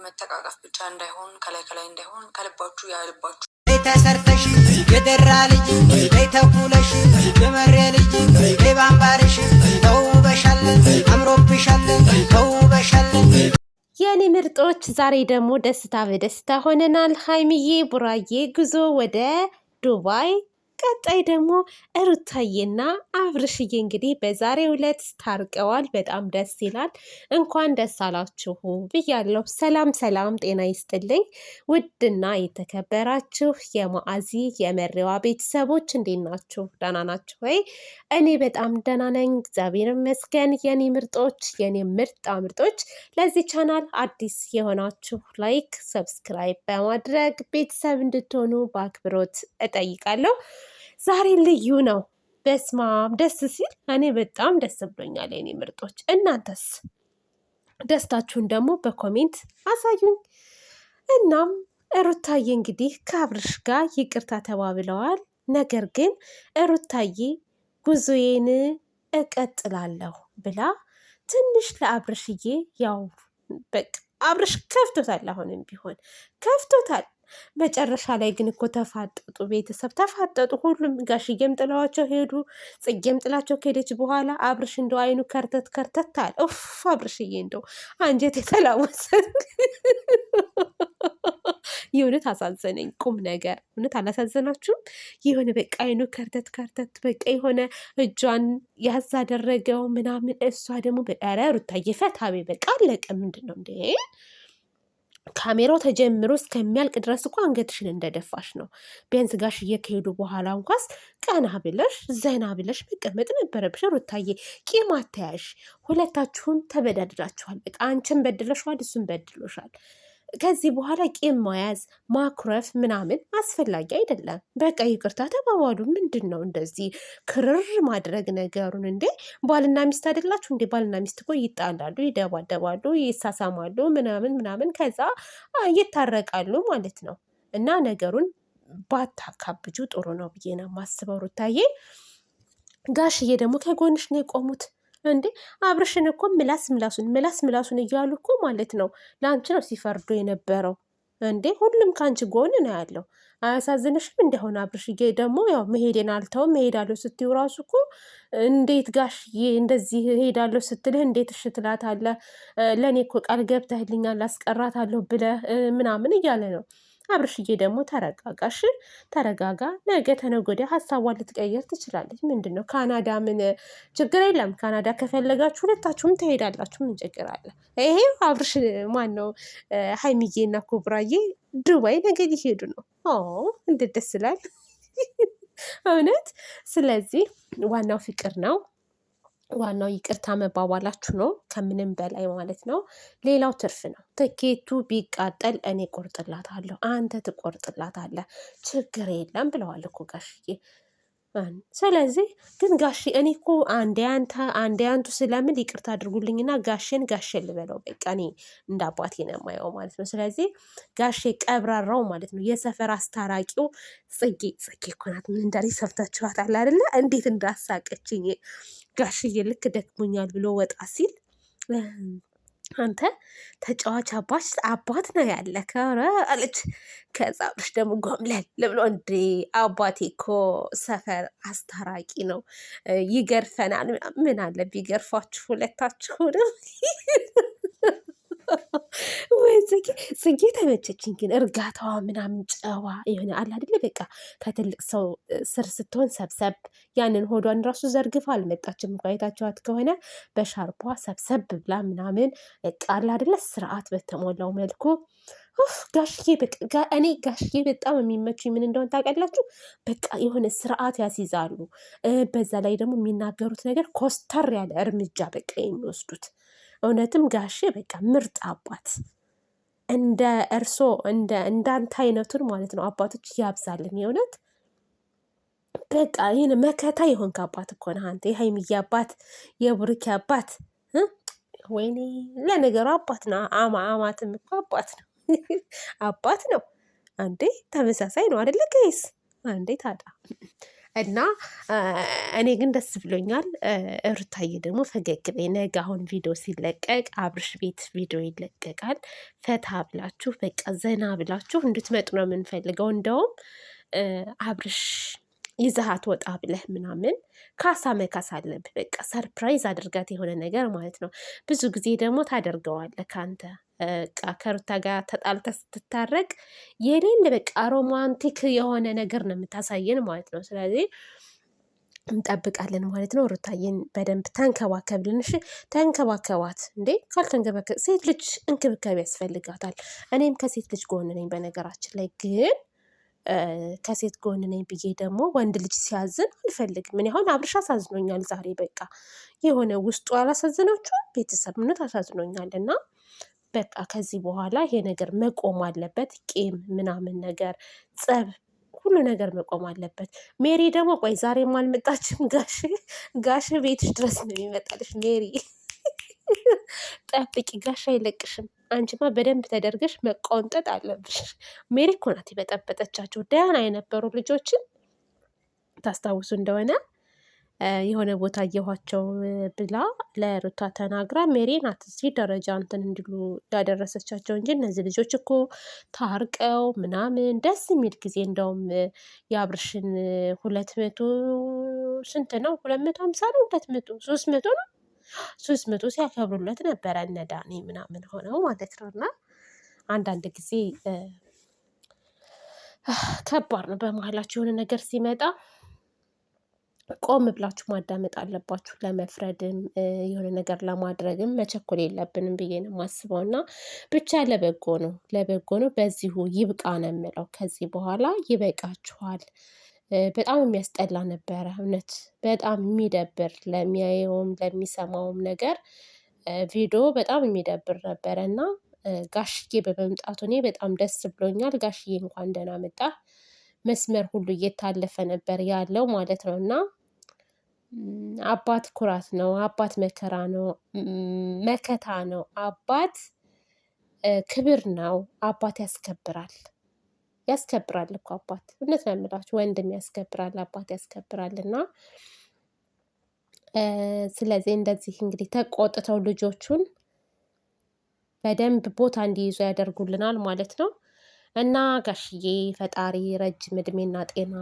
በመተቃቀፍ ብቻ እንዳይሆን ከላይ ከላይ እንዳይሆን ከልባችሁ ያልባችሁ ተሰርተሽ የደራ ልጅ ተኩለሽ የመሬ ልጅ ባንባርሽ ተውበሻለን አምሮብሻለን ተውበሻለን። የኔ ምርጦች ዛሬ ደግሞ ደስታ በደስታ ሆነናል። ሀይምዬ ቡራዬ ጉዞ ወደ ዱባይ ቀጣይ ደግሞ እሩታዬና አብርሽዬ እንግዲህ በዛሬው ዕለት ታርቀዋል። በጣም ደስ ይላል። እንኳን ደስ አላችሁ ብያለሁ። ሰላም ሰላም፣ ጤና ይስጥልኝ ውድና የተከበራችሁ የማአዚ የመሪዋ ቤተሰቦች እንዴት ናችሁ? ደህና ናችሁ ወይ? እኔ በጣም ደህና ነኝ፣ እግዚአብሔር ይመስገን። የኔ ምርጦች፣ የኔ ምርጣ ምርጦች፣ ለዚህ ቻናል አዲስ የሆናችሁ ላይክ፣ ሰብስክራይብ በማድረግ ቤተሰብ እንድትሆኑ በአክብሮት እጠይቃለሁ። ዛሬ ልዩ ነው። በስማም ደስ ሲል እኔ በጣም ደስ ብሎኛል የኔ ምርጦች። እናንተስ ደስታችሁን ደግሞ በኮሜንት አሳዩኝ። እናም እሩታዬ እንግዲህ ከአብርሽ ጋር ይቅርታ ተባብለዋል። ነገር ግን እሩታዬ ጉዞዬን እቀጥላለሁ ብላ ትንሽ ለአብርሽዬ ያው በቃ አብርሽ ከፍቶታል። አሁንም ቢሆን ከፍቶታል። መጨረሻ ላይ ግን እኮ ተፋጠጡ፣ ቤተሰብ ተፋጠጡ። ሁሉም ጋሽዬም ጥለዋቸው ሄዱ፣ ጽጌም ጥላቸው ከሄደች በኋላ አብርሽ እንደው አይኑ ከርተት ከርተት አለ። ኡፍ አብርሽዬ እንደው አንጀት የተላወሰ የእውነት አሳዘነኝ። ቁም ነገር እውነት አላሳዘናችሁም? የሆነ በቃ አይኑ ከርተት ከርተት በቃ የሆነ እጇን ያዝ አደረገው ምናምን። እሷ ደግሞ በቀረ ሩታዬ ፈታ ቤ በቃ አለቀ። ምንድን ነው እንዴ? ካሜራው ተጀምሮ እስከሚያልቅ ድረስ እኮ አንገትሽን እንደደፋሽ ነው። ቢያንስ ጋሽዬ ከሄዱ በኋላ እንኳስ ቀና ብለሽ ዘና ብለሽ መቀመጥ ነበረብሽ። ሩታዬ ቂም አታያሽ። ሁለታችሁም ተበዳድዳችኋል። በቃ አንቺን በድለሽዋል፣ እሱን በድሎሻል። ከዚህ በኋላ ቂም መያዝ ማኩረፍ ምናምን አስፈላጊ አይደለም። በቃ ይቅርታ ተባባሉ። ምንድን ነው እንደዚህ ክርር ማድረግ ነገሩን? እንዴ ባልና ሚስት አይደላችሁ እንዴ? ባልና ሚስት እኮ ይጣላሉ፣ ይደባደባሉ፣ ይሳሳማሉ ምናምን ምናምን ከዛ ይታረቃሉ ማለት ነው። እና ነገሩን ባታካብጁ ጥሩ ነው ብዬ ነው የማስበው ሩታዬ። ጋሽዬ ደግሞ ከጎንሽ ነው የቆሙት። እንዴ አብርሽን እኮ ምላስ ምላሱን ምላስ ምላሱን እያሉ እኮ ማለት ነው ለአንቺ ነው ሲፈርዱ የነበረው። እንዴ ሁሉም ከአንቺ ጎን ነው ያለው። አያሳዝንሽም? እንዲሆን አብርሽዬ ደግሞ ያው መሄዴን አልተውም መሄዳለሁ ስትይው ራሱ እኮ እንዴት ጋሽዬ እንደዚህ እሄዳለሁ ስትልህ እንዴት እሺ ትላታለህ? ለእኔ እኮ ቃል ገብተህልኛል አስቀራታለሁ ብለህ ምናምን እያለ ነው አብርሽዬ ደግሞ ተረጋጋሽ፣ ተረጋጋ። ነገ ተነጎዳ ወዲያ ሀሳቧን ልትቀየር ትችላለች። ምንድን ነው ካናዳ? ምን ችግር የለም። ካናዳ ከፈለጋችሁ ሁለታችሁም ትሄዳላችሁ። ምን ችግር አለ? ይሄ አብርሽ ማን ነው? እና ኩብራዬ ዱባይ ነገ ሊሄዱ ነው። እንዴት ደስ ይላል! እውነት። ስለዚህ ዋናው ፍቅር ነው። ዋናው ይቅርታ መባባላችሁ ነው፣ ከምንም በላይ ማለት ነው። ሌላው ትርፍ ነው። ትኬቱ ቢቃጠል እኔ ቆርጥላታለሁ፣ አንተ ትቆርጥላታለህ፣ ችግር የለም ብለዋል እኮ ጋሽዬ። ስለዚህ ግን ጋሽ እኔ እኮ አንዴ አንተ አንዴ አንቱ ስለምን ይቅርታ አድርጉልኝና ጋሽን ጋሼ ልበለው በቃ እኔ እንደ አባቴ ነው የማየው ማለት ነው። ስለዚህ ጋሼ ቀብራራው ማለት ነው የሰፈር አስታራቂው ጽጌ ጽጌ እኮ ናት። ምን እንዳለኝ ሰብታችኋታል አይደለ? እንዴት እንዳሳቀችኝ ጋሽዬ ልክ ደክሞኛል ብሎ ወጣ ሲል አንተ ተጫዋች አባች አባት ነው ያለ ከረ አለች። ከዛ ደግሞ ጎምለል ለብሎ እንዴ አባቴ እኮ ሰፈር አስታራቂ ነው ይገርፈናል። ምን አለ ቢገርፋችሁ ሁለታችሁንም ወይ ጽጌ ጽጌ ተመቸችኝ። ግን እርጋታዋ ምናምን ጨዋ የሆነ አለ አይደለ? በቃ ከትልቅ ሰው ስር ስትሆን ሰብሰብ ያንን ሆዷን ራሱ ዘርግፋ አልመጣችም። አይታችኋት ከሆነ በሻርፖዋ ሰብሰብ ብላ ምናምን በቃ አለ አይደለ? ስርዓት በተሞላው መልኩ ጋሽዬ እኔ ጋሽዬ በጣም የሚመቹ ምን እንደሆን ታውቃላችሁ? በቃ የሆነ ስርዓት ያስይዛሉ። በዛ ላይ ደግሞ የሚናገሩት ነገር ኮስተር ያለ እርምጃ በቃ የሚወስዱት እውነትም ጋሼ በቃ ምርጥ አባት እንደ እርሶ እንደ እንዳንተ አይነቱን ማለት ነው አባቶች እያብዛልን የእውነት በቃ ይህን መከታ የሆንክ አባት እኮ ነህ አንተ። የሀይሚዬ አባት፣ የቡርኪ አባት ወይኔ። ለነገሩ አባት ነው። አማ አማትም እኮ አባት ነው፣ አባት ነው። አንዴ ተመሳሳይ ነው አደለ? ከይስ አንዴ ታጣ እና እኔ ግን ደስ ብሎኛል። ሩታዬ ደግሞ ፈገግ በይ። ነገ አሁን ቪዲዮ ሲለቀቅ አብርሽ ቤት ቪዲዮ ይለቀቃል። ፈታ ብላችሁ በቃ ዘና ብላችሁ እንድትመጡ ነው የምንፈልገው። እንደውም አብርሽ ይዘሃት ወጣ ብለህ ምናምን ካሳ መካስ አለብህ። በቃ ሰርፕራይዝ አድርጋት የሆነ ነገር ማለት ነው። ብዙ ጊዜ ደግሞ ታደርገዋለህ ከአንተ በቃ ከሩታ ጋር ተጣልተ ስትታረቅ የሌለ በቃ ሮማንቲክ የሆነ ነገር ነው የምታሳየን ማለት ነው። ስለዚህ እንጠብቃለን ማለት ነው። ሩታዬን በደንብ ተንከባከብልን። ተንከባከባት። እንዴ ካልተንከባከብ ሴት ልጅ እንክብካቤ ያስፈልጋታል። እኔም ከሴት ልጅ ጎን ነኝ። በነገራችን ላይ ግን ከሴት ጎን ነኝ ብዬ ደግሞ ወንድ ልጅ ሲያዝን አልፈልግም። ምን ያሁን አብርሽ አሳዝኖኛል ዛሬ በቃ የሆነ ውስጡ አላሳዝናችሁም? ቤተሰብነት አሳዝኖኛል እና በቃ ከዚህ በኋላ ይሄ ነገር መቆም አለበት። ቂም ምናምን ነገር ጸብ፣ ሁሉ ነገር መቆም አለበት። ሜሪ ደግሞ ቆይ ዛሬም አልመጣችም። ጋሽ ጋሽ ቤትሽ ድረስ ነው የሚመጣልሽ ሜሪ ጠብቂ፣ ጋሽ አይለቅሽም። አንቺማ በደንብ ተደርገሽ መቆንጠጥ አለብሽ። ሜሪ እኮ ናት የበጠበጠቻቸው ደህና የነበሩ ልጆችን ታስታውሱ እንደሆነ የሆነ ቦታ እየኋቸው ብላ ለሩታ ተናግራ ሜሪ ናት እዚህ ደረጃ እንትን እንዲሉ እንዳደረሰቻቸው እንጂ እነዚህ ልጆች እኮ ታርቀው ምናምን ደስ የሚል ጊዜ እንደውም የአብርሽን ሁለት መቶ ስንት ነው? ሁለት መቶ ሀምሳ ነው? ሁለት መቶ ሶስት መቶ ነው ሶስት መቶ ሲያከብሩለት ነበረ እነ ዳኒ ምናምን ሆነው ማለት ነው። እና አንዳንድ ጊዜ ከባድ ነው። በመሀላችሁ የሆነ ነገር ሲመጣ ቆም ብላችሁ ማዳመጥ አለባችሁ። ለመፍረድም የሆነ ነገር ለማድረግም መቸኮል የለብንም ብዬ ነው የማስበው እና ብቻ ለበጎ ነው፣ ለበጎ ነው። በዚሁ ይብቃ ነው የምለው። ከዚህ በኋላ ይበቃችኋል። በጣም የሚያስጠላ ነበረ። እውነት በጣም የሚደብር ለሚያየውም ለሚሰማውም ነገር ቪዲዮ በጣም የሚደብር ነበረ። እና ጋሽዬ በመምጣቱ እኔ በጣም ደስ ብሎኛል። ጋሽዬ እንኳን ደህና መጣ። መስመር ሁሉ እየታለፈ ነበር ያለው ማለት ነው። እና አባት ኩራት ነው። አባት መከራ ነው፣ መከታ ነው። አባት ክብር ነው። አባት ያስከብራል። ያስከብራል እኮ አባት። እውነት ነው የምላችሁ ወንድም ያስከብራል፣ አባት ያስከብራል። እና ስለዚህ እንደዚህ እንግዲህ ተቆጥተው ልጆቹን በደንብ ቦታ እንዲይዙ ያደርጉልናል ማለት ነው። እና ጋሽዬ ፈጣሪ ረጅም እድሜና ጤና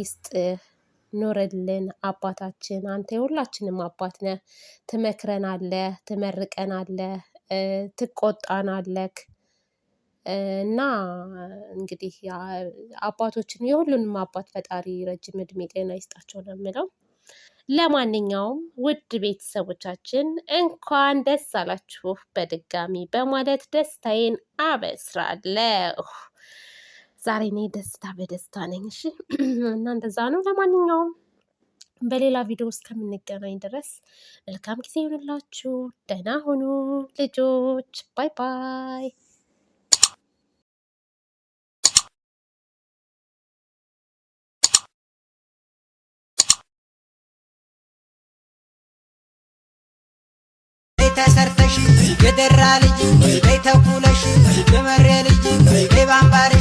ይስጥህ፣ ኑርልን አባታችን። አንተ የሁላችንም አባት ነህ። ትመክረናለህ፣ ትመርቀናለህ፣ ትቆጣናለህ። እና እንግዲህ አባቶችን የሁሉንም አባት ፈጣሪ ረጅም እድሜ ጤና ይስጣቸው ነው የምለው። ለማንኛውም ውድ ቤተሰቦቻችን እንኳን ደስ አላችሁ በድጋሚ በማለት ደስታዬን አበስራለሁ። ዛሬ እኔ ደስታ በደስታ ነኝ። እሺ እና እንደዛ ነው። ለማንኛውም በሌላ ቪዲዮ እስከምንገናኝ ድረስ መልካም ጊዜ ይሁንላችሁ። ደህና ሁኑ ልጆች። ባይ ባይ ተሰርተሽ የደራ ልጅ በይ ተኩለሽ የመሬ ልጅ በይ